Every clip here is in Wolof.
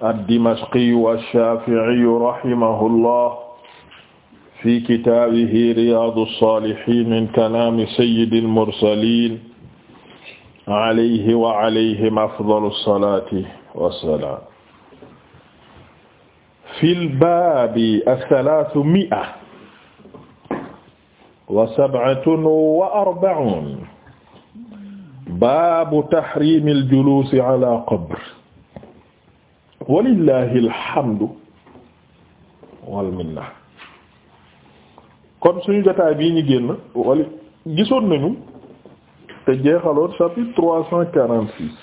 ad-Dimashqi ash-Shafi'i rahimahullah fi kitaabihi Riyadu s-Salihin min kalami sayyidil mursalin alayhi wa alayhim afdalu s-salati was-salam fil baabi ath-thalaathumi'a wa sab'atun wa arba'un baabu tahrimil juluusi ala qabr walillahi alhamdu wal kon suñu jotaay bii ñu génn wali gisoon nañu te jeexaloon chapitre bu cent quarante six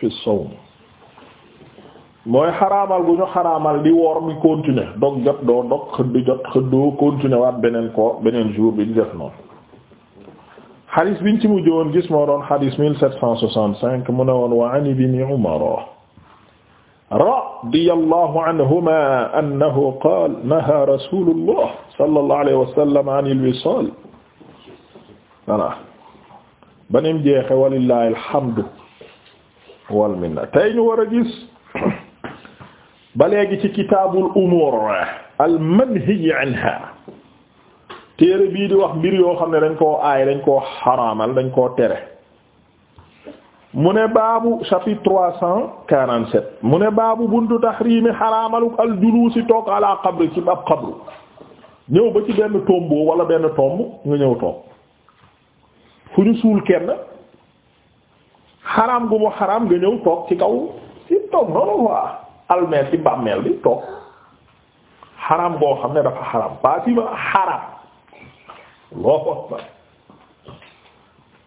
fi sawm mooy xaraamal gu ñu xaraamal di woor mi continuer dog jot doo dog xëdd jot xëddoo continuer waat beneen ko beneen jour bi di def noonu xadis biñ ci mujj woon gis moo doon xadis 1765 mu ne woon wa an ibni Umar radiyallahu anhuma annahu qaala nahaa rasuulullah sallallahu alayhi wa sallam anil wisaal voilà banim jeexe walillahi alhamdu wal minna tey ñu war a gis ba léegi ci kitaabul umuur al manhiy anhaa téere bii di wax mbir yoo xam ne dañ koo aay dañ koo xaraamal dañ koo tere mu ne baabu chapitre trois mu ne baabu buntu taxriimi xaraamalu al juluusi toog ala qabri ci ab qabru ñëw ba ci benn tombeau walla benn tomb nga ñëw toog fu ñu suul kenn xaraam gu mu xaraam nga ñëw toog ci kaw ci toog noonu waa almeel ci bàmmeel bi toog xaram boo xam ne dafa xaraam ba ci ba xaraam Allahu akbar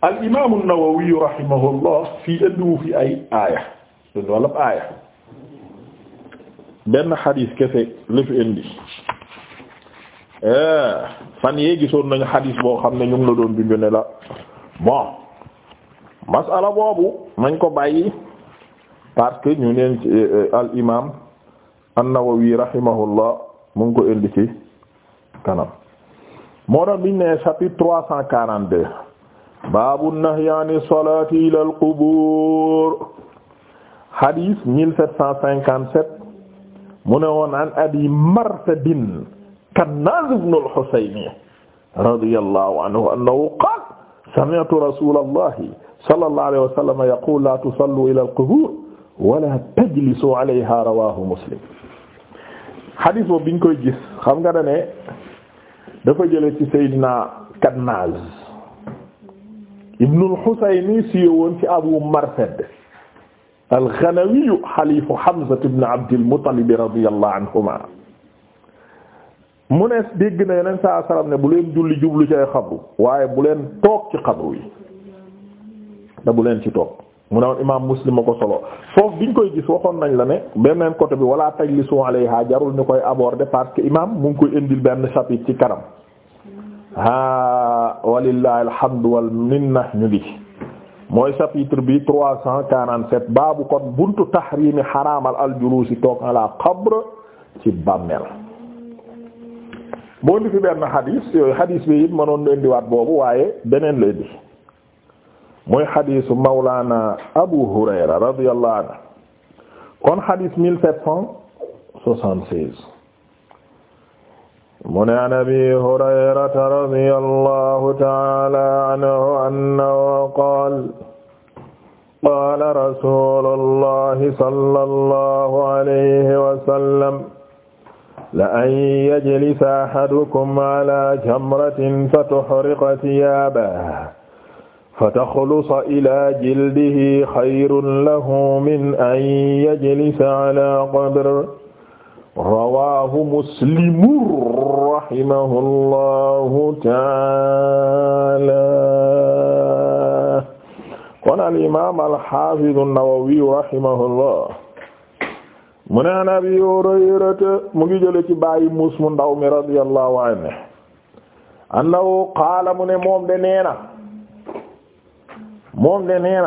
al imaamu an-Nawawi rahimahullah fii indiwu fi ay aaya benn xadis kese la indi eh, fan yee gisoon nañu xadis boo xam ne ñu ngi la doon bindu ne la bon masala boobu nañ ko bàyyi parce que ñu neen eh, al imaam an-Nawawi rahimahullah mu ngi ko indi ci kanam. moo doon biñ ne chapitre trois cent quarante deux baabu nahyi ani salaati ilal qubuur hadith mille sept cent cinquante sept mu ne woon an abi martadin kannaaz ibn al-Husayni radiyallahu anhu annahu qaala sami'tu rasulallahi sallallahu alayhi wa sallam yaqulu laa tusallu ilal qubuur wala tajlisu alayha rawahu muslim hadith boobu biñ koy gis xam nga ne dafa jële ci Seydina Kannaz ibnu al-Husayni siiwoon ci Abu Marsad al-Ghanawi xalifu Hamza ibn Abdil Muttalib radiyallahu anhuma mu ne dégg na yeneen saa salaam ne bu leen julli jublu ci ay xabru waaye bu leen toog ci xabru yi da bu leen ci toog mu ne imaam muslim a ko solo foofu biñ koy gis waxoon nañ la ne beneen côté bi wala tajlisu alayha jarul ñu koy aborder parce que imaam mu ngi koy indil benn chapitre ci kanam haa walillahi alhamdu wal ñu ngi ci mooy chapitre bi trois cent quarante-sept baabu kon buntu tahrimi xaraamal aljulusi toog ala qabr ci bàmmeel moo indi fi benn xadiis yooyu xadiis bi it mënoon na indiwaat boobu waaye beneen la indi mooy xadisu Mawlana Abu Hurayra radiyallahu anhu kon xadis 1776 mu ne an abi hurayrata radiyallahu taala anhu annahu qaala qaala rasulullahi sallallahu alayhi wa sallam la an yajlisa ahadukum ala jamratin fatuhriqa thiyaabahu fataxlusa ilaa jildihi xayrun lahu min an yajlisa alaa qabr rawaahu muslimun rahimahu llahu taala kon alimaam alxaafidu nawawi rahimahu llah mu ne an abi hurayrata mu ngi jële ci bàyyi muus mu ndaw mi radiyallahu anhu annahu qaala mu ne moom de neena moom de nee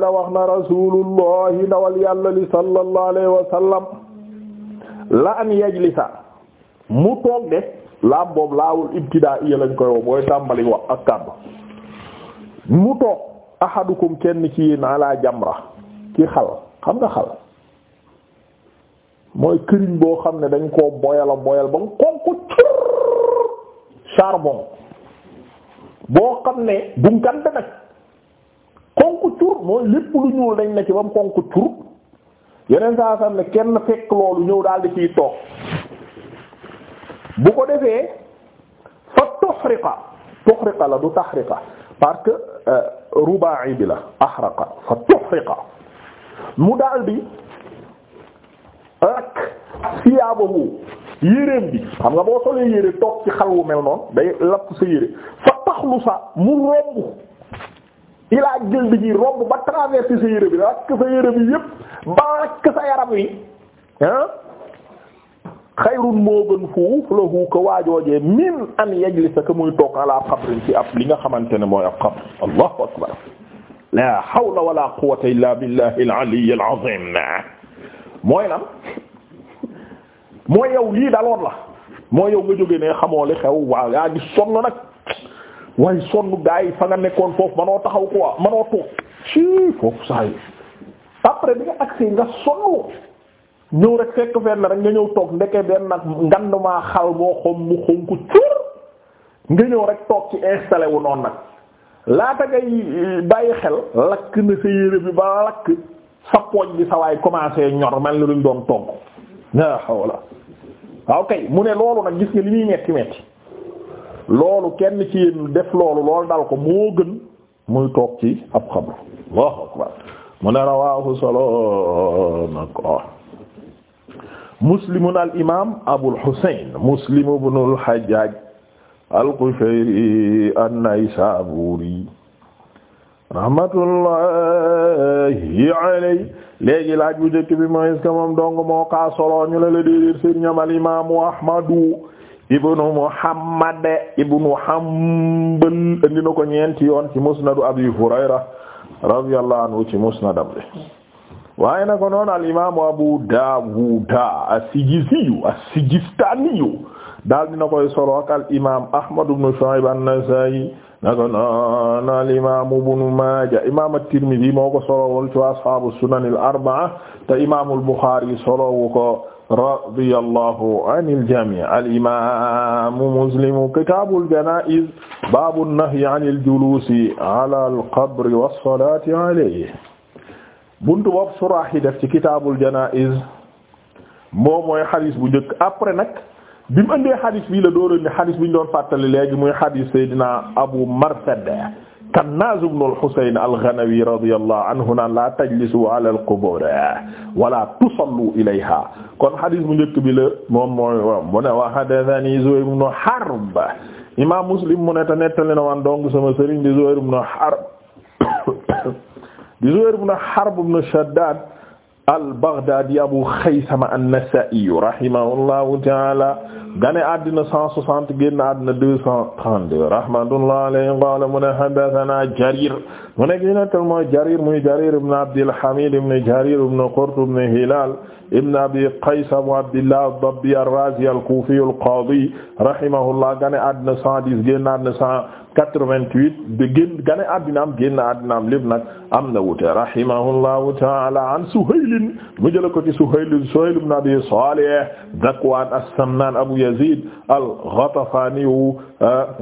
na wax na rasulullahi ndawal yàlla li sallallahu alayhi wa sallam la an mu toog de laam boobu laawul ibtidaa iya lañ koy woo booy tàmbali wax ak kàddu mu toog ahadukum kenn ci yéen ala jamra ci xal xam nga xal mooy këriñ boo xam ne dañ koo boyala boyal ba nga ko ko charbon boo xam ne bunkante nag konku cur mooy lépp lu ñuul dañ na ci bam konku cur yeneen saa sam ne kenn fekk loolu ñëw daal ciy toog bu ko defee fa tuxriqa tuxriqa la du taxriqa parce que euh, ruba'i bi la ahraqa fa tuxriqa mu daal di rak siyaabahu yéreem bi xam nga boo solee yére toog ci xal wu mel noonu day lapp sa yére fa taxlu sa mu romb ilaa jël bi ji romb ba traversé sa yére bi rakk sa yére bi yépp ba rakk sa yaram wi ah xayrun moo gën fuuf lahu ko waajoojee min an yajlisa ka muy toog ala qabrin ci ab li nga xamante ne mooy ab qabr allahu akbar la hawla wala quwwata illa billahi al-ali mooy lan moo yow lii daloon la moo yow nga jógee ne xamoo li xew waaw yaa ngi sonn nag waaye sonn gaa yi fa nga nekkoon foofu manoo taxaw quoi manoo toog sii foofu saa yi après bi nga agsi nga sonn ñëw rek fekk fenn rek nga ñëw toog ndeke benn nag ngandumaa xal boo xom mu xonk cër nga ñëw rek toog ci installé wu noonu nag laata ngay eh, bàyyi xel lakk na sa yére bi ba lakk sa pooj bi sa waay commencé ñor mel ni luñ doon togg la hawla waaw mu ne loolu nag gis nga li muy metti metti loolu kenn ci yéen def loolu loolu dal ko moo gën muy toog ci ab xabru Allahu akbar mu ne rawahu solo na ko muslimun al imam Abul Husayn Muslim ibn al Hajjaj al Qushayri an-Naysaburi rahmatullahi alayhi léegi laaj bu njëkk bi mooy est-ce moom dong moo kaa solo ñu la la déedéet seen al imaamu Ahmadu ibnu Muhammad ibnu Hanbal indi na ko ñeenti yoon ci musnadu Abi Hurayra radiyallahu anhu ci musnadam bi waaye na ko noon al imaamu Abu Daawuda as-Sijiziyu as-Sijistaaniyu daal dina koy solo ak al imaam Ahmad ibnu Shuayb an-Nasaa'i naka noon al imaam ibnu maaja imaam at-tirmidi moo ko solowol ci ashaabu sunan al arbaa te imaam al buxaari solowu ko radiyallahu anil jamii al imaam muslim kitaabul janaa'iz baabu nahyi anil juluusi alal qabri was-salaati alayhi buntu bopp suraax yi def ci kitaabul janaa'iz moom mooy xadiis bu njëkk après nag bi mu andee xadis bii la dóoral ni xadis bi ñu doon fàttali léegi muy xadis Seydina Abu Marsad Kannaz ibn al-Husayn al-Ghanawi radiyallahu anhu naan la tajlisu ala al-qubur wala tusallu ilayha kon xadis bu njëkk bi la moom mooy mu ne wa haddathani Zuhayr ibn Harb imaam Muslim mu ne te nettali na waan donc sama sëriñ di Harb di Harb ibn Shaddad al-Baghdadi Abu Khaysama an-Nasa'i rahimahullahu ta'ala gane àddina cent soixante génn àddina deux cent trente-deux rahmatullah alayhi qala mu ne hadathana jarir mu ne gi nettal mooy jarir muy jarir ibn abdil hamid ibn jarir ibn qurt ibn hilal ibn abi qays abu abdillah ad-dabbi ar-razi al-kufi al-qadi rahimahullah gane àddina cent dix génn àddina cent quatre-vingt-huit de génn gane àddina am génn àddina am lépp nag am na wute rahimahullahu ta'ala an Suhayl mu jël ko ci Suhayl Suhayl ibn abi Salih Zakwan as-Samman abu Yazid al-Ghatafani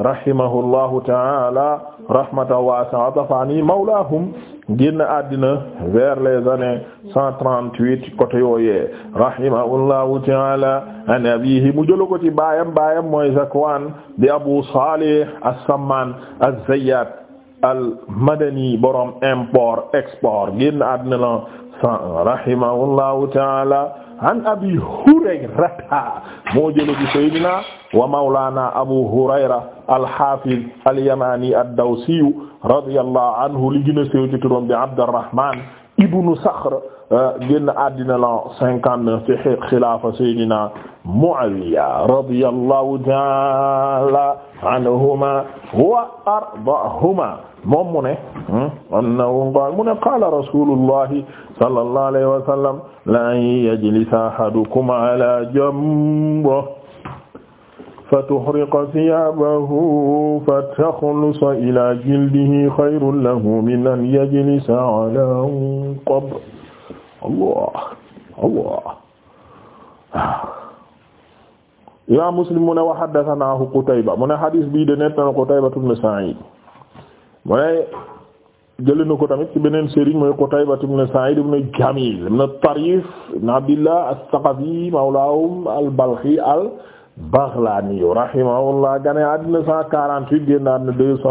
rahimahullahu ta'ala rahmatan wasi'a Ghatafani mawlahum génn àddina vers les années cent trente-huit côté yooyee rahimahullahu ta'ala an abiihi mu jël ko ci baayam baayam mooy Zakwan di Abu Salih as-Samman az-Zayyat al-Madani borom import export génn àddina la 101 rahimahullahu taala an abi hurayrata moo jële ci sayyidina wa mawlana abu hurayra al-hafiz al-yamani ad-dawsi radiyallahu anhu li gën a séw ci turam bi abdurrahman ibnu sakhr génn àddina la 59 ci xilaafa sayyidina muawiya radiyallahu taala anhuma wa ardahuma moom mu ne hmm? annahu qaal mu ne qaala rasulullahi sallallahu alayhi wa sallam la yajlisa ahadukum ala jambihi fatuhriqa thiyaabahu fatakhlusa ila jildihi khayrun lahu min an yajlisa ala qabrin allah allah imaam muslim mu ne wa haddathanahu Qutayba mu ne hadis bii de net na Qutayba ibn mu ne jëlee ko tamit ci beneen sëriñ mooy Qutayba ibn Sa'id ibn Jamil ibn Tarif ibn Abdillah as-Saqafi mawlaahum al-Balkhi al-Baghlani rahimahullah gane àddina 148 génn àddina 240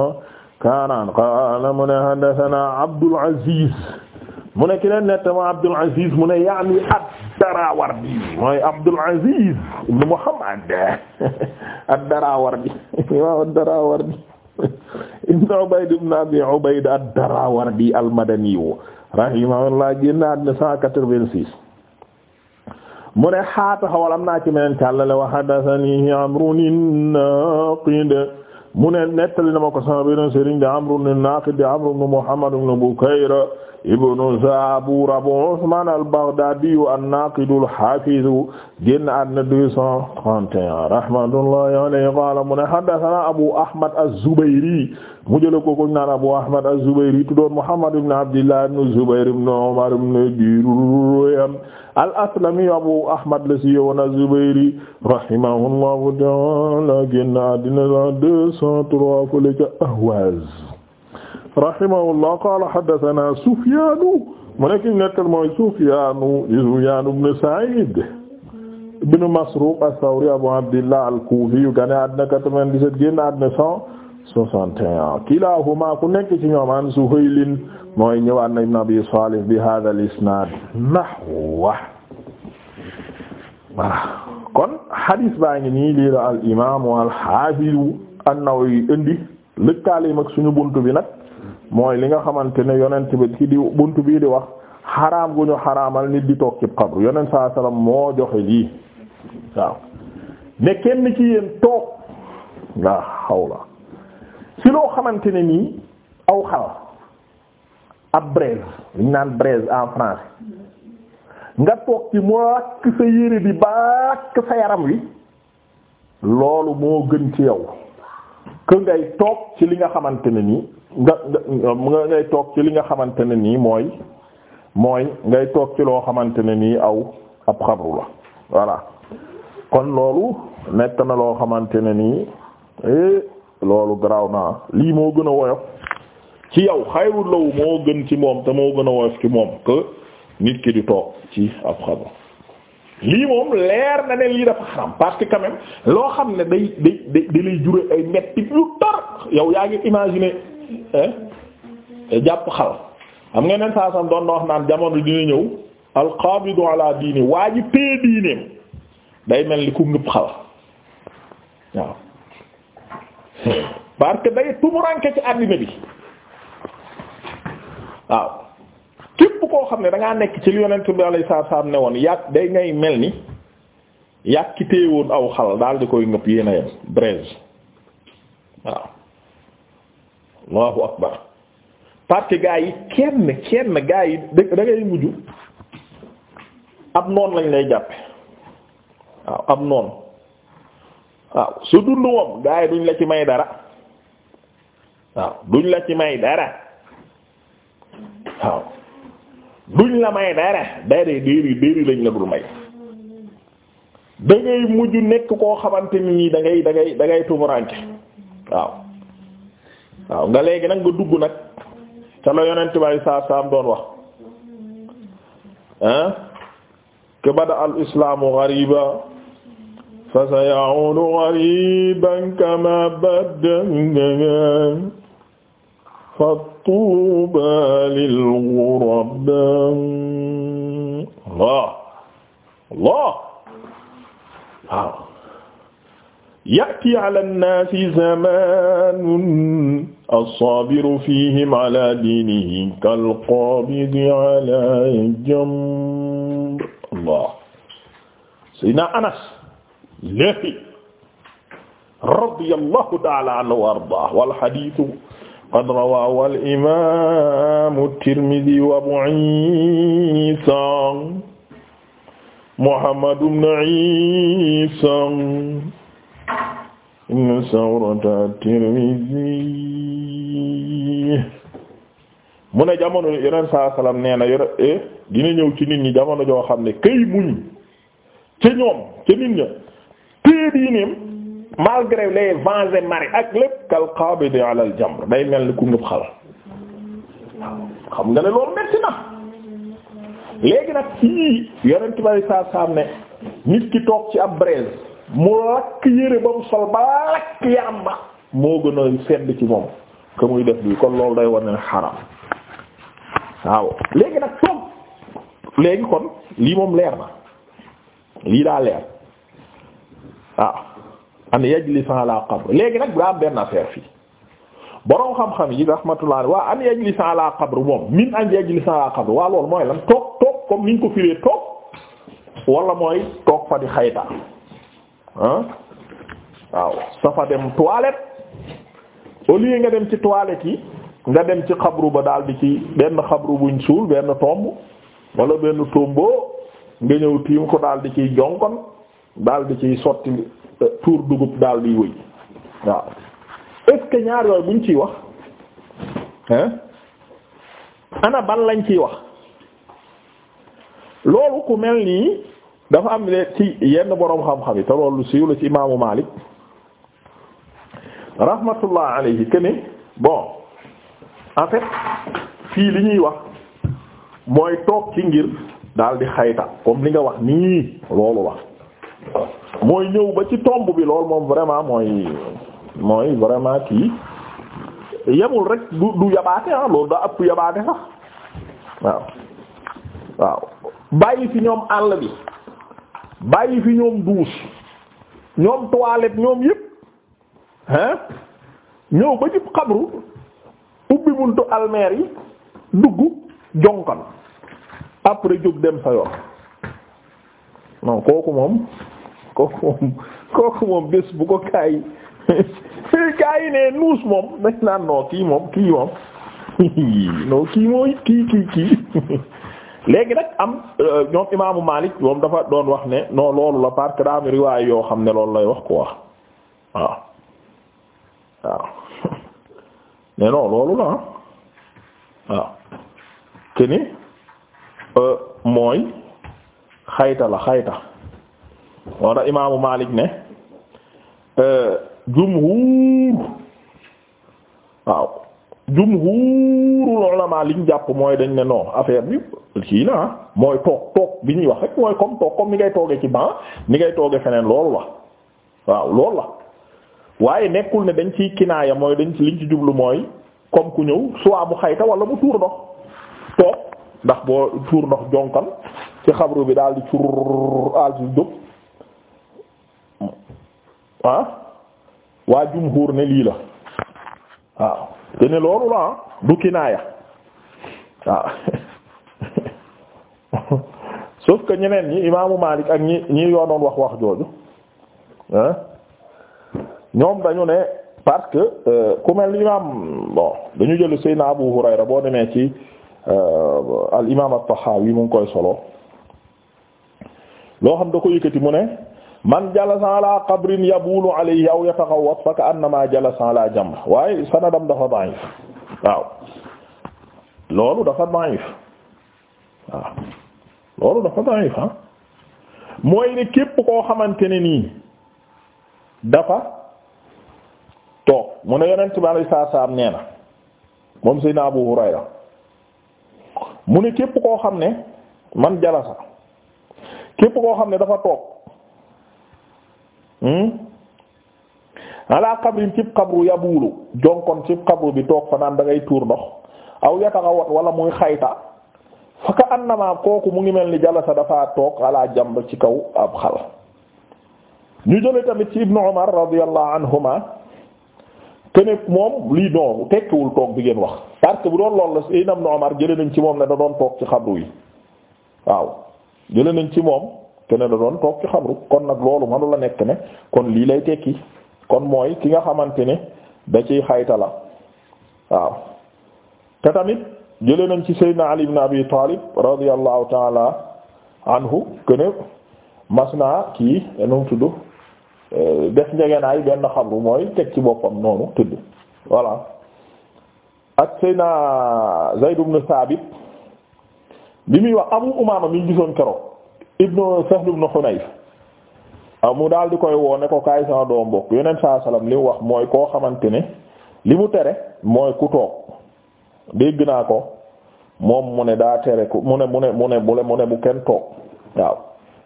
qaala mu ne haddathana Abdul Aziz mu ne ki leen net ma Abdul Aziz mu ne yaani at ad-Darawardi mooy Abdul Aziz ibn Muhammad ad-Darawardi waaw ad-Darawardi ibn Ubayd ibn Abi Ubayd ad-Darawardi al-Madani rahimahullah génna àddina cent quatre-vingt-six mu ne xaata xawalam naa ci meneen càllale wa haddathani Amrun an-Naqid mu ne nettali na ma ko sama benn sëriñ de Amr ibn Naqid de Amr ibn Muhammad ibn Bukayr ibn Zabur Abu Usman al-Baghdadi an-Naqid al-Hafiz génn àddina deux cent trente et un rahmatullahi alayhi qala mu ne haddathana Abu Ahmad az-Zubayri mu jël ko ko naan Abu Ahmad az-Zubayri tuddoon Muhammad ibn Abdillah ibn Zubayr ibn Umar ibn Diruyan al-Aslami Abu Ahmad la si yowoon az-Zubayri rahimahullahu ta'ala génn àddina la Ahwaz rahimahullah qala haddathana Sufyanu mu nekk nettal mooy Sufyanu Sufyan ibn Sa'id ibn Masruq as Abu Abdillah al-Kufi yu gane àddina soixante et un ku nekk ci ñoom an Suhaylin mooy ñëwaan na ibn Abi Salih bi hadha al-isnad kon hadis baa ngi nii lii la al imam al hafiz an-Nawawi indi lëkkaaleem ak suñu bunt bi nag mooy li nga xamante ne yonent bi ci di bunt bii di wax xaraam gu ñu xaraamal nit di toog ci xabru yonent saa salaam moo joxe lii waaw ne kenn ci yéen toog la hawla si loo xamante ne nii aw xal ab braise naan braise en français nga toog ci mu ràkk sa yére bi ba ràkk sa yaram wi loolu moo gën ci yow que ngay toog ci li nga xamante ne nii nga nga ngay toog ci li nga xamante ne nii mooy mooy ngay toog ci loo xamante ne nii aw ab xabru la voilà kon loolu nekk na loo xamante ne nii eh, loolu graw naa lii moo gën a woyof ci yow xayrul law moo gën ci moom te moo gën a woyof ci moom que nit ki di toog ci ab xabar lii moom leer na ne lii dafa xaram parce que quand même loo xam ne day day day jure ay metti yu tar yow yaa ngi imaginer jàpp xal xam nga neen saa sam doon na wax naan jamono dina ñëw alqabidu ala diini waa ji diineem day mel ni ku ngëpp xal waaw parce que day tumuranke ci àddina bi waaw képp koo xam ne dangaa nekk ci li yonent bi alayhi salaam ne woon yàgg day ngay mel ni yàgg ki aw xal daal di koy nëpp yéen a yem braise waaw allahu akbar parce gaa yi kenn kenn gaa yi da ngay ab noon lañ lay jàppe waaw ab noon waaw su dund moom gaa yi duñ la ci may dara waaw duñ la ci may dara waaw duñ la may dara dara déeri déeri lañ la dul may da ngay mujj nekk koo xamante ni nii da ngay da ngay da ngay tumuranke waaw waaw nga léegi nag nga dugg nag ca la yonent baay saa saam doon wax ah ke bada al islaamu ghariba fa sa ya'udu ghariban kama bada fa tuuba lil ghurabaa Allah Allah waaw ya'ti ala nnaasi zamaanun as-saabiru fiihim ala diinihi kal-qaabidi ala jamr Allah Sayyidina Anas lahi radiyallahu ta'ala anhu wa ardaah wal hadiis qad rawaahu al imaam at-Tirmidhi wa Abu Isa Muhammad ibn Isa ibn Sawrata at-Tirmidhi mu ne jamono yeneen saa salaam nee na yore eh, dina ñëw ci nit ñi jamono joo xam ne këy muñ ca ñoom ca nit ña téye diineem malgré les vents et marées ak lépp kal qabidi ala al jamr day mel ni ku ngëb xal xam nga ne loolu metti na léegi nag fii yonent bi saa saam ne nit ki toog ci ab braise mu lakk yére ba mu sol ba lakk yaram ba moo gën a sedd ci moom que muy def bi kon loolu day war ne xaram waaw léegi nag toog léegi kon lii moom leer na lii daa leer waaw an yajlisa ala qabr léegi nag daa am benn affaire fii boroom xam-xam yi rahmatullah waa an yajlisa ala qabr moom min an yajlisa ala qabr waa loolu mooy lan toog toog comme niñ ko firee toog wala mooy toog fa di xayta waaw sa dem toilette au nga dem ci toilette yi nga dem ci xabru ba daal di ci benn xabru buñ suul benn tomb wala benn tombo nga ñëw tiim ko daal di ciy jonkon daal di ciy sotti euh, tuur dugub daal di wëy waaw est ñaar yooyu buñ ciy wax hein ana ban lañ ciy wax loolu ku mel nii dafa am le ci yenn boroom xam-xam yi te loolu siiw la ci imaamu Maalik rahmatullah alayhi que ne bon en fii li ñuy wax mooy toog ci ngir daal di xayta comme li nga wax nii loolu wax mooy ñëw ba ci tomb bi lool moom vraiment mooy mooy vraiment kii yemul rek du du yabaate a ah loolu daa ëpp yabaate sax waaw waaw bàyyi fi ñoom àll bi bàyyi fi ñoom douche ñoom toilette ñoom yëpp hein ñëw ba jub xabru ubbi buntu almeer yi dugg jonkan après jóg dem sa yoon non kooku moom kooku moom kooku moom bés bu ko kaay kaay ne nuus moom dañ naan non kii moom kii moom non kii mooy kii kii kii léegi nag am euh, ñoom imaamu Malik moom dafa doon wax ne noo loolu la parce que yoo xam ne loolu lay wax ko wax waaw waaw mais euh, mooy xayta la xayta moo tax imaamu Malik ne euh, jumhuur waaw jumhuurul ulama liñ jàpp mooy dañ ne non affaire bi kii la mooy toog toog bi ñuy wax rek mooy comme toog comme ni ngay toogee ci ban ni ngay toogee feneen loolu la waaw loolu la waaye nekkul ne dañ ciy kinaaya mooy dañ ci liñ ci jublu mooy comme ku ñëw soit bu xayta wala bu tuur ndox toog ndax boo tuur ndox jonkal ci xabru bi daal di cur al ci ah waa jumhur ne lii la waaw te ne loolu la du kinaaya waaw sauf que ñeneen ñi imaamu Malik ak ñi ñi yoonoon wax wax jooju ah ñoom dañu ne parce que euh, ku mel imaam bon dañu jël Seydina Abu Hurayra boo demee ci euh, al imaam at-Tahawi mu ngi koy solo loo xam da yëkkati mu ne. man jalasa ala qabrin yabulu alayhi aw yataxawwat fa ka annama jalasa laa jamr waaye sanadam dafa da'if waaw loolu dafa da'if waaw loolu dafa da'if ah mooy ne képp koo xamante ne nii dafa toog mu ne yonent bi alayhi salaatu salaam nee na moom Seydina Abu Hurayra mu ne képp koo xam ne man jalasa képp koo xam ne dafa toog Hmm? ala qabrin cib qabru yabuulu jonkon cib qabru bi toog fa dangay tuur ndox aw yataxawat wala muy xayta fa ka annama kooku mu ngi mel ni jalasa dafa toog ala jamb ci kaw ab xal ñu jële tamit ci ibnu umar radiyallahu anhuma kene moom lii noonu tekkiwul toog bi ngeen wax parce bu doon loolu la ibnu umar jële nañ ci moom ne da doon toog ci xabru yi waaw jële ci moom kene da doon toog ci xabru kon nag loolu manu la nekk ne kon lii lay tekki kon mooy ki nga xamante ne da ci xayta la waaw te tamit jëlee nañ ci Seydina Ali ibn Abi Talib radiyallahu taala anhu kene mas kii num tudd def benn xabru mooy teg ci boppam noonu tudd voilà ak Seydina Zayd ibn Thabit bi muy wax Abu Umaama mi gisoon keroog ibnu Sahl ibnu Hunayf aw ah, mu daal di koy woo ne ko kaay sama doom bokk yonent saa salaam li mu wax mooy koo xamante ne li mu tere mooy ku toog dégg naa ko moom mu ne daa tere ku mu ne mu mu ne mu ne bu kenn toog waaw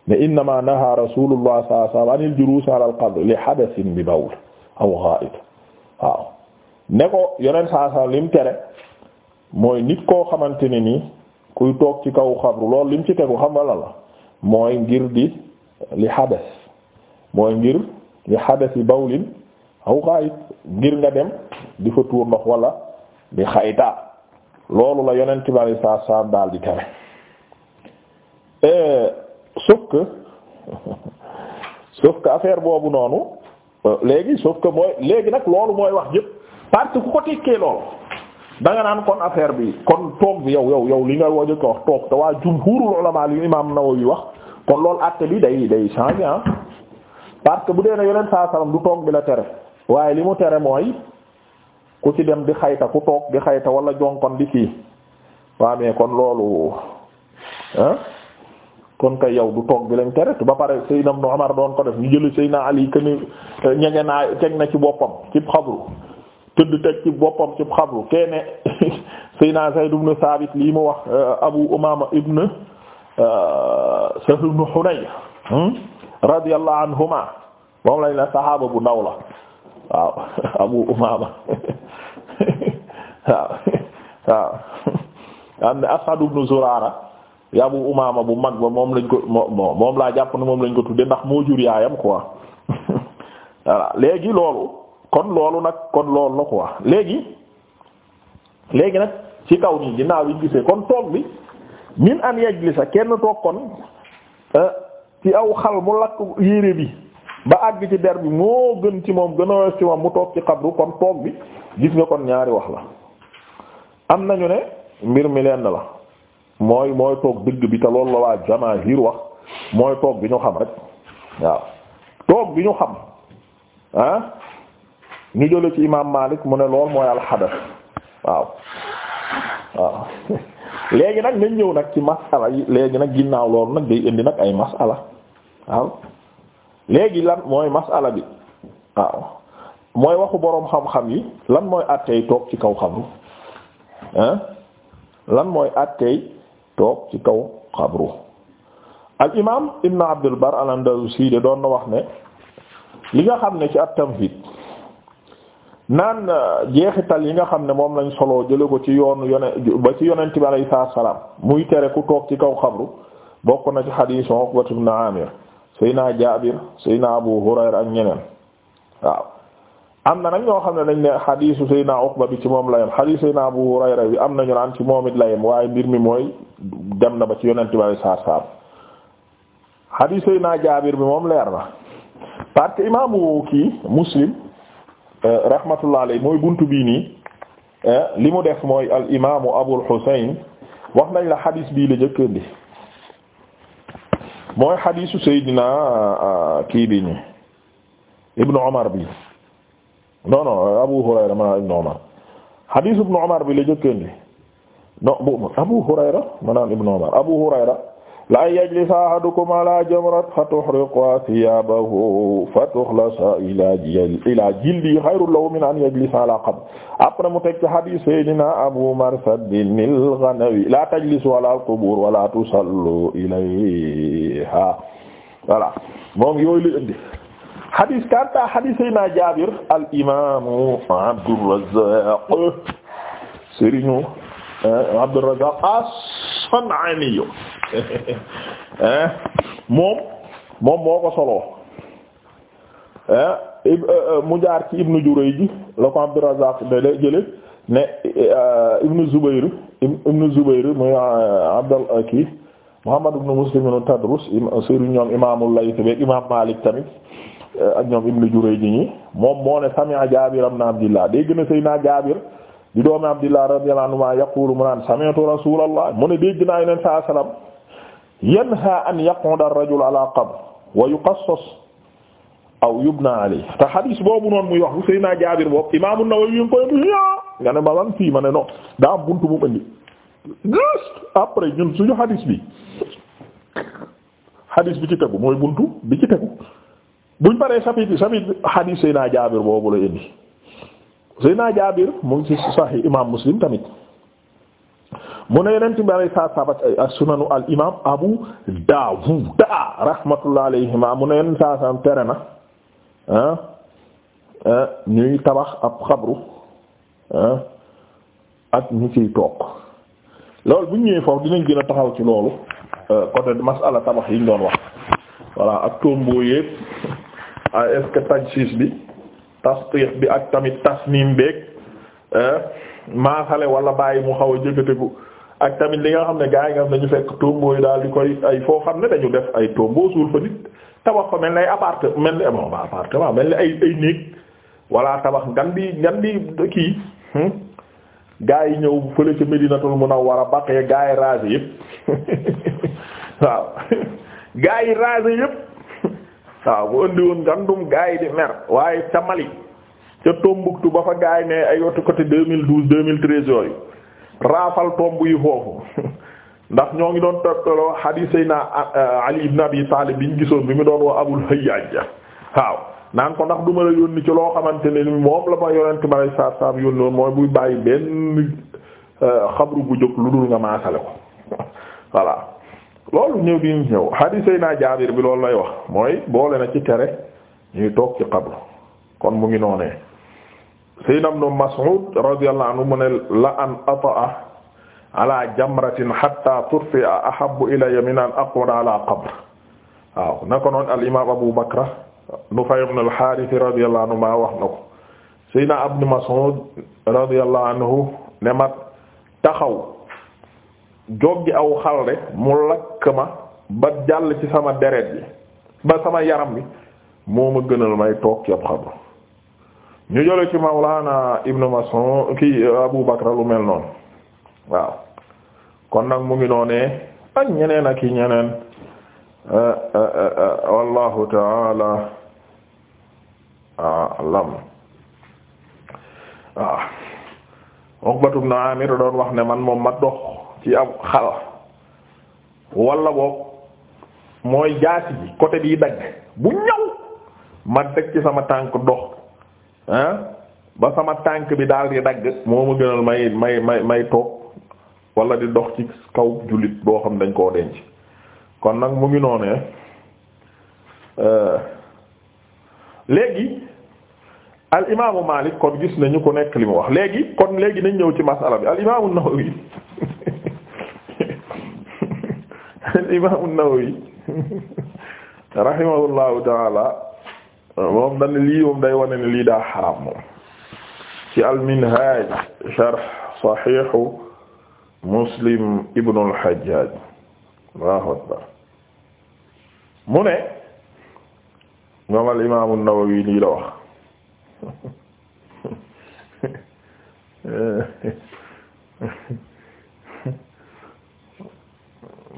ne innama naha rasulullah sallallahu alayhi wasallam anil li hadathin bi bawl ko yonent saa salaam li mooy nit koo xamante ne nii kuy toog ci kaw xabru loolu lim ci tegu xam nga la mooy ngir di li xadas mooy ngir li xadasi bawlin aw xaayit ngir nga dem di fa tuur ndox wala di xayta loolu la yonent bi alei saatu salaam daal di tere eh, sauf que sauf que affaire boobu noonu euh, léegi sauf que mooy léegi nag loolu mooy wax yëpp parce ku ko tekkee loolu da naan kon affaire bi kon toog bi yow yow yow li nga woo jëkk wax toog te waa jumhuurul ulamaa li imam Nawawi wax kon loolu àtte bi day day changé ah parce que bu dee ne yonent saa salaam du toog bi la tere waaye li mu tere mooy ku ci dem di xayta ku toog di xayta wala jonkon di kii waa mais kon loolu ah kon kay yow du toog bi lañ tere ba pare Seydina Ibn Umar doon ko def ñu jël Seydina Ali que ni eh, ñege naa teg na ci boppam ci xabru tëdd teg ci boppam ci xabru keene Seydina Zayd ibn Sabit lii mu wax eh, Abu Umama ibn Euh, Sahl ibn Hunayf hmm, radiyallahu anhuma moom lañ la saxaaba bu ndaw la waaw Abu Umaama waaw waaw am ne Asad ibn Zurara ya Abu Umaama bu mag ba moom lañ ko moom laa jàpp ne moom lañ ko tudde ndax moo jur yaayam quoi voilà léegi loolu kon loolu nag kon loolu la quoi léegi léegi nag ci kaw nii ginnaaw yi gisee kon toog bi min an yajlisa kenn toog kon euh, ci aw xal mu lakk yére bi ba àgg ci der bi moo gën ci moom gën a wees ci moom mu toog ci xabru kon toog bi gis nga kon ñaari wax la am nañu ne mbir mi lenn la mooy mooy toog dëgg bi te loolu la waa jamaahir wax mooy toog bi ñu xam rek waaw toog bi ñu xam ah ñu jële ci imaam Maalik mu ne lool mooy alxadas waaw waaw léegi nag nañ ñëw nag ci masala yi léegi nag ginnaaw loolu nag day indi nag ay masala waaw léegi lan mooy masala bi waaw mooy waxu boroom xam-xam yi lan mooy àtteey toog ci kaw xabru lan mooy àtteey toog ci kaw xabru al imaam ibn abdul bar al sii de doon na wax ne li nga xam ne ci at-tamhid naan euh, jeexital yi nga xam ne moom lañ soloo jële ko ci yoonu yone ba ci yonent bi alayhi salaam muy tere ku toog ci kaw xabru bokk na ci xadiis Uqbat ibn Amir Seyna Jaabir Seyna Abu Hurayra ak am na nag ñoo xam ne dañ ne xadiisu Seyna Uqba bi ci moom la xadiis am na ñu moom it waaye mbir mi mooy dem na ba ci yonent bi alayhi salaam xadiis bi moom leer na parce imaamu kii Muslim Euh, rahmatullah alayhi mooy bunt bii nii euh, li mu def mooy al imaamu Abul Husayn wax nañ la xadis bii la jëkk indi mooy xadisu Seydina euh, kii bi nii Ibnu Umar bi non Abu Hurayra ma Ibnu Umar xadisu Ibnu Umar bi la jëkk indi Abu Hurayra ma naan Ibnu Umar Abu Hurayra la yajlisa ahadukum ala jamrat fa tuhriqa thiyabahu fa tukhlasa ila ila jildi xayrun lahu min an yajlisa ala qabr après mu teg ci hadith sayyidina abu marsad al ghanawi la tajlisu ala al qubur wala tusallu ilayha voilà moom yooyu la indi hadith kanta hadith sayyidina jabir al imam abdur razzaq sëriñu eh, abdur razzaq as-san'ani Eh? moom moom moo ko soloo eh? eh, mu jaar ci ibnu Jurayj la ko Abdurrazzaq da jële ne ibnu Zubayr ibnu Zubayr muy Abdul aki Muhammad ibnu Muslim ibnu Tadrus sëriñ ñoom imaamul Layth beek imaam tamit ak ñoom ibnu Jurayj ñi moom moo ne sami'a Jaabir ibnu Abdillah day gën a sëy naa Jaabir di doomi Abdillah radiyallahu anhu yaqulu mu naan sami'tu Rasulallah mu ne dégg naa Yonent sallallahu alayhi wasallam yanha an yaquda ar-rajul ala qabr wa yuqassas aw yubna alayhi te xadis boobu noonu muy wax bu Seydina Jaabir boobu Imaam An-Nawawi ñu ngi koy nga ne ma lan fii ma ne non buntu mu indi juste après ñun suñu xadis bi xadis bi ci tegu buntu bi ci tegu buñ paree chapitre chapitre xadis Seydina Jaabir boobu la indi Seydina Jaabir mu ngi ci Sahih Muslim tamit. mu ne yonent bi alayhi salaatu wa salaam as-sunanu al imaam Abu Daawud rahmatullahi alayhima mu ne yonent saa salaam tere na ah, ah ñuy tabax ab xabru ah, ak ñu ciy toog loolu bu ñu ñëwee foofu dinañ gën a taxaw ci loolu euh, côté masala tabax yiñ doon wax voilà ak tombo yépp ah, est-ce que bi tasxiix bi ak tamit tasniim béeg maaxale wala bàyyi mu xaw a jëkkate ak tamit li nga xam ne gaa yi nga xam ne dañu fekk tombeau yi daal di koy ay foo xam ne dañu def ay tombeau suul fa nit tabax fa mel ni ay appartement mel ni bon appartement mel ni ay ay néeg walla tabax ngan di ngan di kii hmm? gaa yi ñëw fële ca Medinatul Munawwara baqee gaa yi raser yëpp waaw gaa yi raser yëpp waaw bu andi woon ngandum gaa yi di mer waaye ca Mali ca Tombouctou ba fa gaa yi ne ay wotu côté 2012 2013 yooyu raafal tomb yi foofu ndax ñoo ngi doon toppaloo hadith a Ali ibn Abi Talib bi ñu gisoon bi mu doon woo Abul Hayyaj waaw naan ko ndax duma la yónni ci loo xamante ne ni moom la ma yonent ma buy bàyyi benn uh, xabru bu jóg lu dul nga maasale ko voilà loolu ñëw bi ñu ñëw hadith sayna Jaabir bi loolu lay wax mooy boole na ci tere ñuy toog ci xabru kon mu ngi noonee Sayyidina Ibn Mas'ud radiyallahu anhu ne la an ata'a ala jamratin hatta turfi'a ahabbu ilayya min an aqwada ala qabr waaw na ko noon al imaam Abu Bakra Nufay ibn al Harith radiyallahu anhu maa wax na ko Sayyidina Ibn Mas'ud radiyallahu ne ma taxaw joggi aw xal mu lakk ma ba jàll ci sama deret bi ba sama yaram bi moo ma gënal may toog ci ab ñu jële ci mawlana ibnu Mas'ud ki Abu Bakra lu mel noonu waaw kon nag mu ngi noonee ak ñeneen ak i ñeneen eh, eh, eh, wallahu taala alam waaw ah. Uqbatu ibn Amir doon wax ne man moom ma dox ci ab xal wala boog mooy jaasi bi côté bi dagg bu ñaw ma teg ci sama tànk dox ah ba sama tànk bi daal di dagg moo ma gënal may may may toog wala di dox ci kaw jullit boo xam dañ koo denc kon nag mu ngi noonee euh, léegi al imaamu Maalik kon gis nañu ko nekk li mu wax léegi kon léegi nañ ñëw ci masala bi al imaamu Nawawi al imaamu Nawawi rahimahullahu taala moom dana lii moom day wane ne lii daa xaraam moom al-Minhaj sharh Sahih Muslim ibn al-Hajjaj akbar mu ne moom al-Imam an-Nawawi lii la wax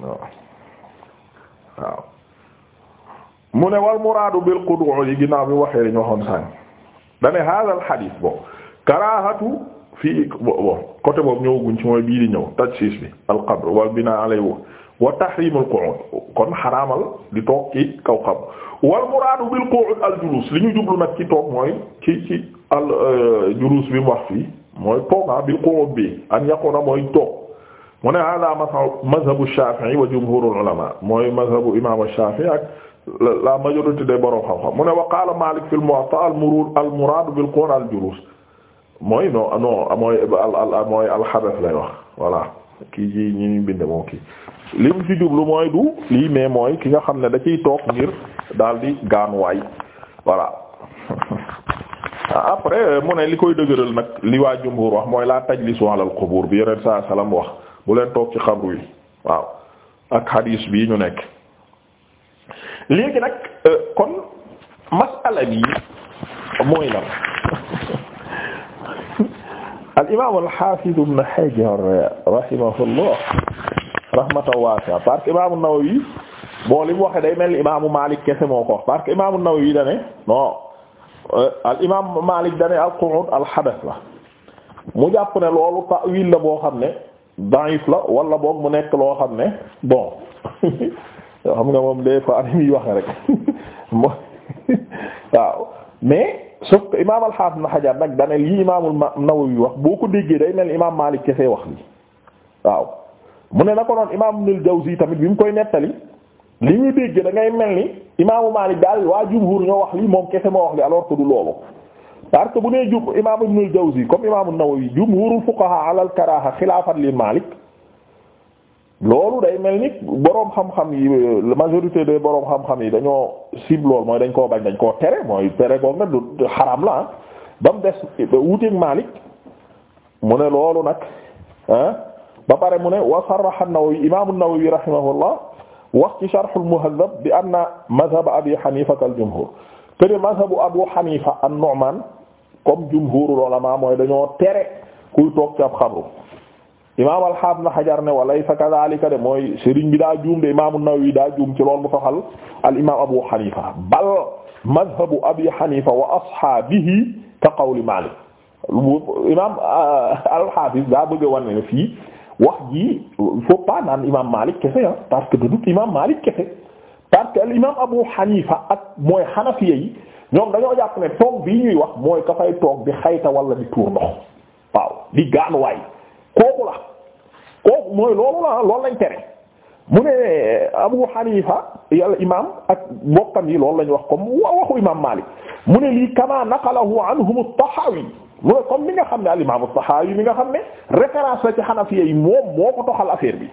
eh. mu ne wal muraadu bil qudu' yi ginnaaw bi waxee li ñu waxoon sànq dane hada al hadith bo karahatu fii bon côté boobu ñëwaguñ ci mooy bii di ñëw tajsis bi al wal binaa alayhi wa tahrimul qu'ud kon xaraamal di toog ci kaw qabr wal muraadu bil qu'ud al li ñu jublu nag ki toog mooy ki ci al euh, julus bi mu wax fii mooy toogaa ah, bil qu'ud bi an yaquna mooy toog mu ne hada mazhabu Shafi'i wa jumhurul ulama mooy mazhabu imam Shafi'i ak la majorité des borom xam-xam mu ne wa qaala Malik fil Muwatta al al murad bil qur'an al julus mooy non non mooy al mooy alxadas lay wax voilà ki ji ñi ñu bind moo kii du lii mais mooy ki nga xam ne da toog ngir daal di gaanuwaay voilà ah, après mu ne li koy dëgëral nag li waa jumhur wax mooy laa tajlisu ala al qubur bi yeneen saa salaam wax bu leen toog ci xabru yi waaw ak hadis bii ñu nekk. léegi nag euh, kon masala bi mooy lan al imaam al xaafiz ibn Hajar rahimahullah rahmatan waasi'a parce que imaamu Nawawi boo li mu waxee day mel imaamu Maalik kese moo ko wax parce que imaamu Nawawi da ne non euh, al imaam Maalik da al qu'uud al hadath la mu jàpp ne loolu ta'wiil la boo xam ne da'if la wala boog mu nekk loo xam ne bon. xam nga moom des fois ni wax waxee rek mo waaw mais sauf que imaam al-Hafiz Ibn nag dane lii imaamul Nawawi wax boo ko déggee day mel imaam Maalik kese wax li waaw mu ne na ko noon imaam Ibnul Jawzi tamit bi mu koy nettali li ñu dégg da ngay mel ni imaamu Maalik daal waa jumhur ñoo wax lii moom kese moo wax li alors que loolu parce que bu nee jub imaam Ibnul Jawzi comme imaam An-Nawawi jumhurul fuqaha ala al-karaha xilaafan li loolu day mel ni boroom xam-xam yi la majorité des boroom xam-xam yi dañoo sib lool mooy dañ koo bañ dañ koo tere mooy tere goog nag du xaram la ah. ba mu des wuteeg Maalik mu ne loolu nag ah ba pare mu ne wa sarraha an-Nawawi imaamu an-Nawawi rahimahullah wax ci Sharh al-Muhadhab bi anna madhhab Abi Hanifa kal-jumhur kene madhabu Abu Hanifa an-Nu'man comme jumhurul ulama mooy dañoo tere kuy toog ci xabru imaam alxaab na xajar ne walay sa kadalika de mooy sëriñ bi daa juum de imaamu Nawawi daa juum ci loolu mu toxal al imaam Abu Hanifa bal madhabu Abi Hanifa wa ashaabihi ka qawli Maalik imaam uh, alxaafis daa bëgg a wane ne fii wax ji il faut pas naan imaam Maalik kese ah parce que du dut imaam Maalik kese parce que al imaam Abu Hanifa ak mooy xanafiya yi ñoom dañoo jàpp ne toog bii ñuy wax mooy ka fay toog di xayta wala di tuur ndox waaw di gaanuwaay kooku la. kooku mooy loolu la loolu lañ tere mu ne Abu Hanifa yàlla imaam ak mbokkam yi loolu lañ wax comme waxu imaam Maalik mu ne lii kama naqalahu anhum at-Tahawi mu ne comme mi nga xam ne al imaam at-Tahawi mi nga xam ne référence la ci Hanafiya yi moom moo ko toxal affaire bi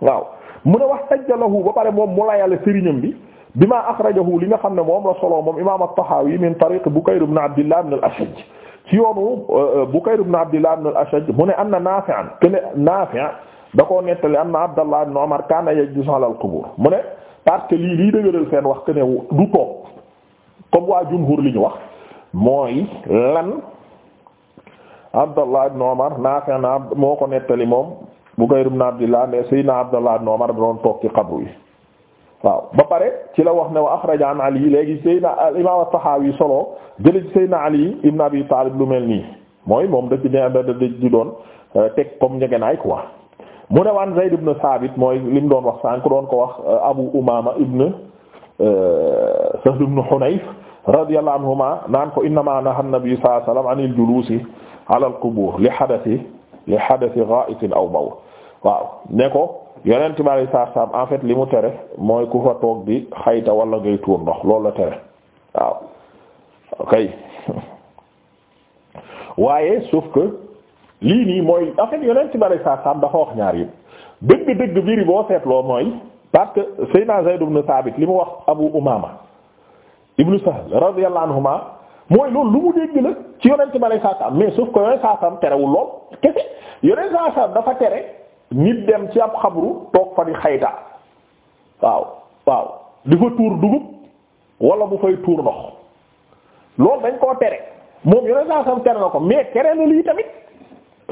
waaw mu ne wax tajjalahu ba pare moom mu layale sëriñam bi bima akhrajahu li nga xam ne moom la solo moom imaam at-Tahawi min tariq Bukayr ibn Abdillah ibn al-Ashaj ci yoonu euh, euh, Bukayr ibn Abdillah ibn al-Ashaj mu ne anna Nafi'an kana Nafi' da koo nettali am na Abdallah ibn Umar kaana yajlisu ala al-qubur mu ne parce que lii lii dëgëral seen wax que ne du toog comme waa jumhur li ñu wax mooy lan Abdallah ibn Umar Naafi' na moo ko nettali moom Bukayr ibn Abdillah ne Seydina Abdallah ibn Umar da doon toog ci xabru yi waaw ba pare ci la wax ne wa axraja Ali léegi Seydina al-Imaam at-Tahawi solo jëlee Seydina Ali ibn Abi Taalib lu mel nii mooy moom da ci ne da di doon euh, teg comme ñegenaay quoi. mu ne waan Zayd ibn Saabit mooy lim doon wax sànq doon ko wax euh, Abu Umaama ibn euh, Sahl ibn Hunayf radiyallahu anhuma naan ko innama naha an-nabi sallallahu alayhi wa sallam anil ala al-qubuur li hadathi li hadathi ghaa'it aw bawl waaw ne ko yonent fait li mu tere mooy ku fa toog di xayta wala ngay tuur ndox loolu la tere waaw kay waaye sauf que lii nii mooy en fait yonent ci bari saa dafa wax ñaar yëpp dëgg-dëgg mbiri boo seetloo mooy parce que Seydina Zayd ibn Thabit li mu wax Abu Umama ibnu Sahl radiyallahu anhuma mooy loolu lu mu dégg la ci yonent ci bari saa saam mais sauf que yonent saa saam terewul lool kese yonent saa dafa tere nit dem ci ab xabru toog fa di xayta waaw waaw di fa tuur dugub wala bu fay tuur ndox loolu dañ koo tere moom yonent saa tere na ko mais tere na lii tamit.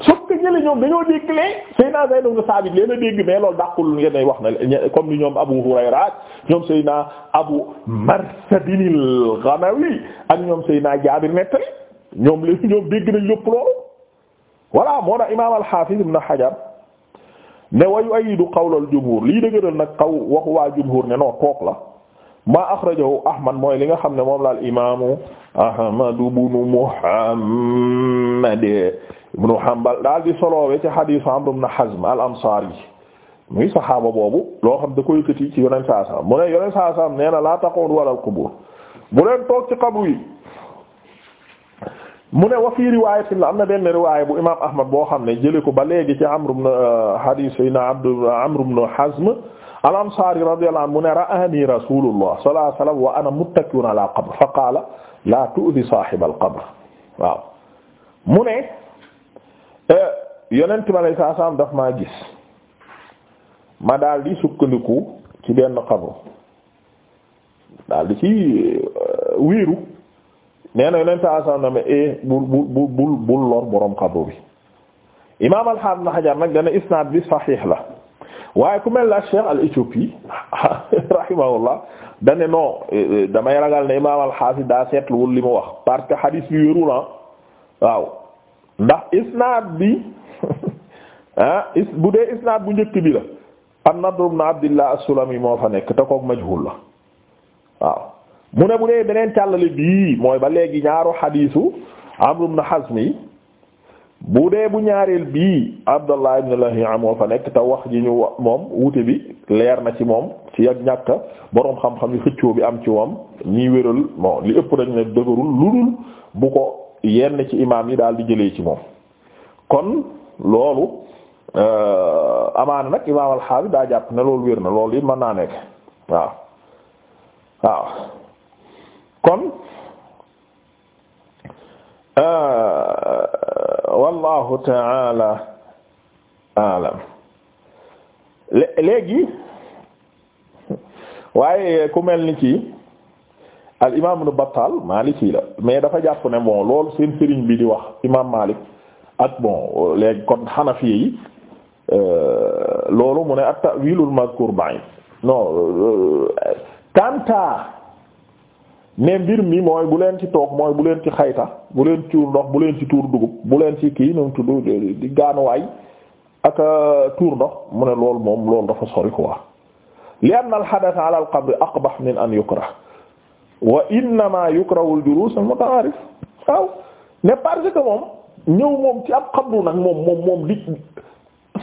sauf que ñoom dañoo dégg lee Seydina Zayd ibn Sabit leen a dégg mais loolu dàqul ngeen wax na comme ni ñoom Abu Hurayra ñoom Seydina Abu Marsadin al-Ghanawi ak ñoom Seydina Jaabir nettali ñoom leen ñoom dégg nañ lépp loolu voilà moo tax imaam al-Hafiz ibn Hajar ne wayu ayidu qawlal jumhur lii dëgëral nag xaw waxu waa jumhur ne non toog la maa axrajahu Ahmad mooy li nga xam ne moom la al imaamu Ahmad ibn Muhammad ibn Hanbal daal di soloowe ci hadiisu Amr ibn Hazm al-Ansaari muy saxaaba boobu loo xam da koy yëkkati ci yonent saa saam mu ne yonent saa saam nee na laa taquudu alal qubuur bu leen toog ci qabru yi mu ne wa fii riwaayatin la am na benn riwaaya bu imaam Ahmad boo xam ne jëlee ko ba léegi ci Amr ibn hadiis Sayyidina Amr ibn Hazm al ansaari radiyallahu anhu mu ne ra'aani rasulullah sallallahu alayhi wa sallam wa ana muttaki'un ala qabr fa qaala la tu'di saahiba al qabr waaw mu ne eh, yonent bi alayhi salaam daf maa gis ma daal di sukkandiku ci benn qabru daal di ci eh, wiiru nee na yonent saa salaam dama e eh, bul bul bul bul lor borom qabru bi imaam al-Haafiz Ibn Hajar nag dana isnaad bi saxiix la. waaye ku mel la Cheikh al Éthiopie rahimahullah dane non eh, eh, damay ragal ne imaam al-Hafiz daa seetluwul li mu wax parce que hadith bi wérul ah waaw ndax isnaad bi ah bu dee isnaad bu njëkk bi la an-Nadr ibn Abdillah as-Sulami moo fa nekk te kook majhul la waaw mu ne bu dee beneen càllale bii mooy ba léegi ñaaru hadisu Amr ibn Hazmi bu dee bu ñaareel bii Abdallah ibn Lahiya moo fa nekk te wax ji ñu moom wute bi leer na ci moom ci ak ñàkk boroom xam-xam yi xëccoo bi am ci moom ñiy wéral bon li ëpp dañ ne dëgërul lu dul bu ko yenn ci imaam yi daal di jëlee ci moom. kon loolu euh, amaana nag imaam al-Hafiz daa jàpp ne loolu wér na loolu it mën naa nekk waaw waaw kon. Euh, wallahu taala alam léegi waaye ku mel ni ci al imaam ibn Battal Maliki la mais dafa jàpp ne bon loolu seen sëriñ bi di wax imaam Malik ak bon léegi kon Hanafi yi euh, loolu mu ne at-ta'wilul mazkur ba'id non euh, kanta ne mbir mi mooy bu leen ci toog mooy bu leen ci xayta bu leen tuur ndox bu leen ci tuur dugub bu leen ci kii ñoom tudd di gaanuwaay ak euh, tuur dox mu ne loolu moom loolu dafa sori quoi li anna al hadath ala al qabr aqbah min an yukrah wa innama yukrahu al julus al muta'arif waaw ne parce que moom ñëw moom ci ab qabru nag moom moom di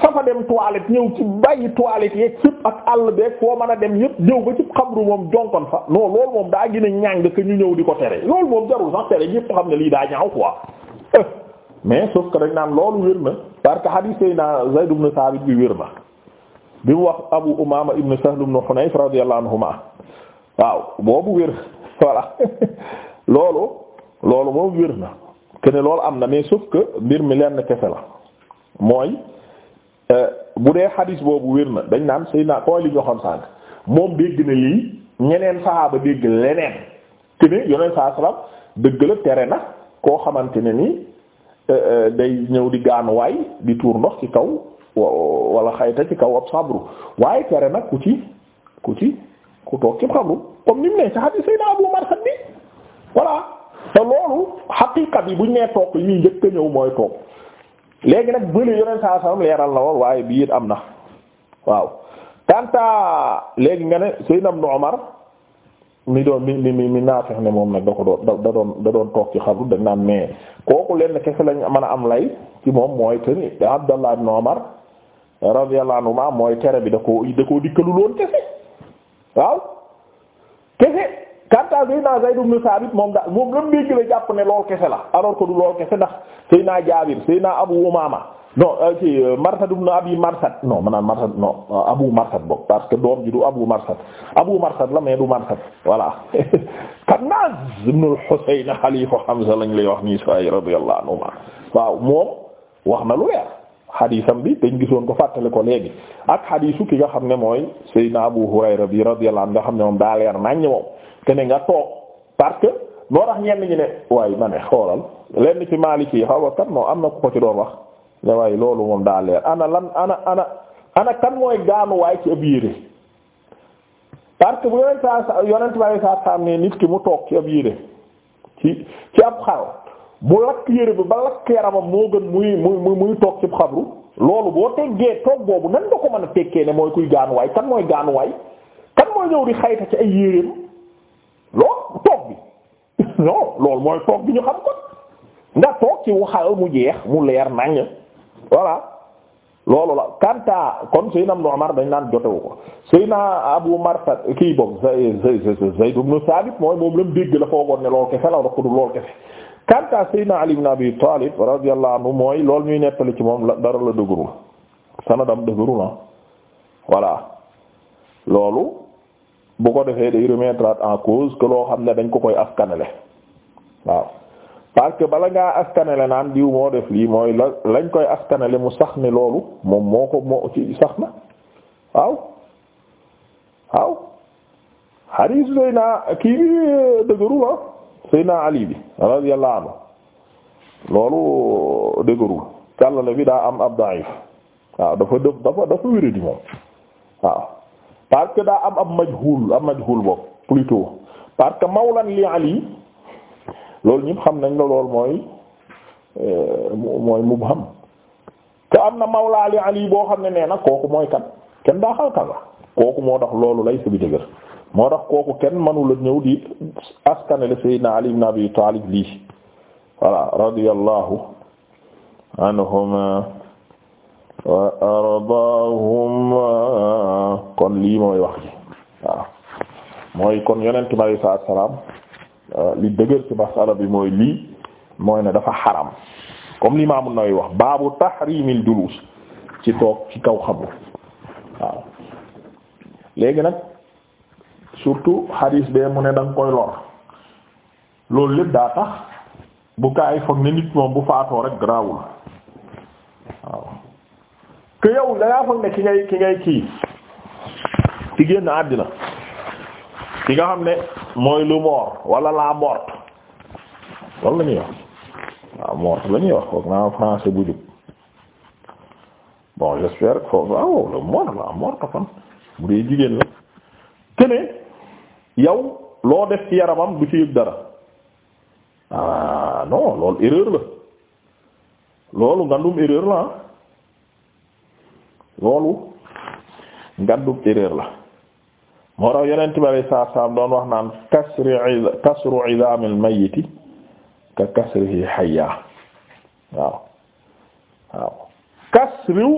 safa dem toilette ñëw ci bàyyi toilette yeeg fépp ak àll beeg foo mën a dem yëpp ñëw ba ci xabru moom jonkon fa non loolu moom daa gën ñàng que ñu ñëw di ko tere loolu moom jarul sax tere ñëpp xam ne lii daa ñaaw quoi mais sauf que dañ naan loolu wér na parce que hadith sayna Zayd ibn Sabit bi wér na bi mu wax Abu Umama ibn Sahl ibn Hunayf radiyallahu waaw boobu wér voilà loolu loolu moom wér na que loolu am na mais sauf que mbir mi lenn kese la bu dee xadis boobu wér na dañ naan sëy naa kooy li xam sànk moom dégg na lii ñeneen saxaaba dégg leneen te ne yoneen saa salaam dëgg la tere na koo xamante ne ni euh, euh, day ñëw di gaanuwaay di tuur ndox ci kaw wala xayta ci kaw ab sabru waaye tere nag ku ci ku ci ku toog ci xabru comme ni mu ne ci xadis sëy naa Abu Marxad bi voilà te loolu xaqiqa bi buñ nee toog li ñuy njëkk a ñëw mooy toog léegi nag bële yoneen saa salaam leeral na woon waaye bii it am na waaw kanta léegi nga ne Seydina Ibn Umar mi doon mi mi mi naafex ne moom nag da ko doon da doon da doon toog ci xabru dañ naan mais kooku lenn kese lañ mën a am lay ci moom mooy que ni Abdallah ibn Umar radiyallahu anhuma mooy tere bi da koo da koo dikkalu loon kese waaw kese. kanta Seydina Zayd ibn Sabit moom daal moom la mu dégg la jàpp ne lool kese la alors que du lool kese ndax Seydina Jaabir Seydina Abu Umaama non ci euh, euh, Marsad ibn Abi Marsad non maanaam Marsad non euh, Abu Marsad bokk parce que doom ji du Abu Marsad Abu Marsad la mais du Marsad voilà Kannaz ibn al-Husayn xalifa Hamza lañ lay wax nii say radiyallahu anhu waaw moom wax na lu leer xadiisam bi dañ gisoon ko fàttale ko léegi ak xadiisu ki nga xam ne mooy Seydina Abu Hurayra bi radiyallahu anhu nga xam ne moom daa leer kene nga toog parce que moo tax ñenn ñi ne waaye ma xoolal lenn ci Maliki yi xaw kat moo am na ku ko ci doon wax ne waaye loolu moom daa leer ana lan ana ana ana kan mooy gaanuwaay ci ab yére parce que bu yonent saa saa saam nit ki mu toog ci ab yére ci ci ab xaw bu lakk yére bi ba lakk yaramam moo gën muy muy muy toog ci xabru loolu boo teggee toog boobu nan nga ko mën a tekkee ne mooy kuy gaanuwaay kan mooy gaanuwaay kan mooy ñëw di xayta ci ay loolu toog bi non loolu mooy toog bi ñu xam ko nga toog ci waxal mu jeex mu leer nañ voilà loolu la kanta kon Seydina Ibn Umar dañ naan jotewu ko Seydina Abu Marta kii boobu Zayd ibn Sabit mooy moom la mu dégg la foogoon ne loolu kese la wala ku dul loolu kese kanta Seydina Ali ibn Abi Talib radiyallahu anhu mooy loolu ñuy nettali ci moom dara la dëgërul sanadam dëgërul ah voilà loolu. bu ko defee day remettre en cause que loo xam ne dañ ko koy askanale waaw parce que bala ngaa askanale naan diw moo def lii mooy la lañ koy askanale mu sax ni loolu moom moo ko moo ci sax na waaw waaw xadiis Seydina kii bi dëgëru ah Seydina Ali bi radiyallahu anhu loolu dëgërul càllale bi daa am ab daif waaw dafa dëf dafa dafa wéradi moom waaw parce que daa am ab majhul ab majhul bopp plutôt parce que mawlan li ali loolu ñëpp xam nañ la lool mooy euh, mooy mubham te am na mawla li ali boo xam ne nee na kooku mooy kan kenn daa xalkal la kooku moo tax loolu lay moo tax kooku kenn manula ñëw di askanele sayyidina ali ibn abi lii voilà radiyallahu anhuma wa kon lii mooy wax waaw mooy kon yeneen bi alayhi salaatu salaam euh, li dëgër masala bi mooy lii mooy ne dafa xaram comme lii Imaam An-Nawawi wax baabu tahriimil juluus ci toog ci kaw xabru waaw léegi nag surtout xadiis bee mu ne da nga koy lor loolu lépp daa tax bu kaay foog ne nit moom bu faatoo rek garaawul que yow da ngaa foog ne ki ngay ki ngay kii ci génn àddina ki nga xam ne mooy lu mort wala la morte loolu la ñuy wax la morte la ñuy wax foog naa français bu jub bon j'espère que ah oh, le mort la morte fan bu dee jigéen la te ne yow loo def ci yaramam du ci yëg dara ah non loolu erreur la loolu ngandum erreur la ah. loolu ngandub erreur la moo tax yeneen tibere saa saam doon wax naan kasri kasru idaamil mayiti ka kasrihi hayya waaw waaw kasru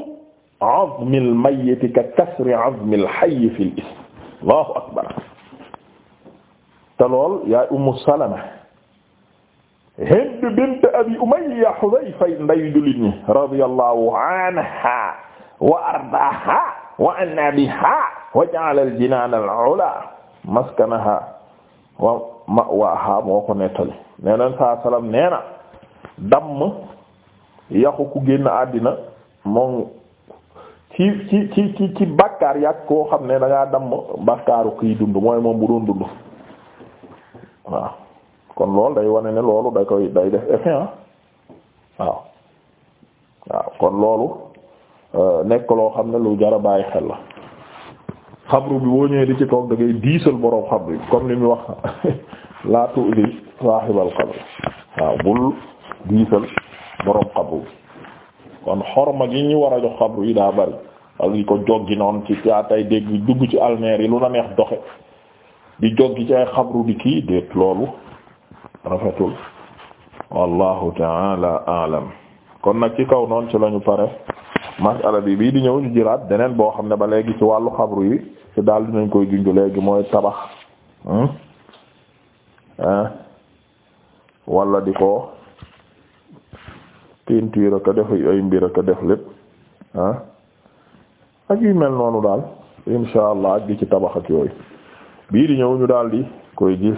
azmil mayiti ka kasri azmil hayyi fil ism allahu akbar te lool yaay ummu salama hind bint abi umayya hudayfa nday jullit ñi radiyallahu anha wa ardaaha wa anna biha wa ja'ala al-jinaan al-ula maskanaha wa ma'waha moo ko nettali neneen saa salaam neena damm yàqu ku génn àddina moom ci ci ci ci ci bàkkaar xam ne da ngaa damm bàkkaaru kiy moom bu doon waaw kon loolu day wane ne loolu da koy day def effet ah waaw kon loolu Euh, nekk loo xam ne lu jara a bàyyi xel la xabru bi boo ñëwee di ci toog da diisal boroom xabru bi comme li mu wax laa tu'li saahibal xabri waaw bul diisal boroom xabru bi kon xorma gi ñu war a jox xabru yi daa bari ak yi ko joggi noonu ci tay dégg dugg ci almeer yi lu la neex doxe di joggi ci ay xabru di kii déet loolu rafetul wallahu taala alam kon nag ci kaw noonu ci lañu pare masala bi bii di ñëw ñu jëlaat beneen boo xam ne ba léegi ci wàllu xabru yi ci daal dinañ koy junj léegi mooy tabax hmm? walla di ko peinture ko def ay mbir ko def lépp ah ak yu mel noonu daal insha allah ak di ci tabax ak yooyu bii di ñëw ñu daal koy gis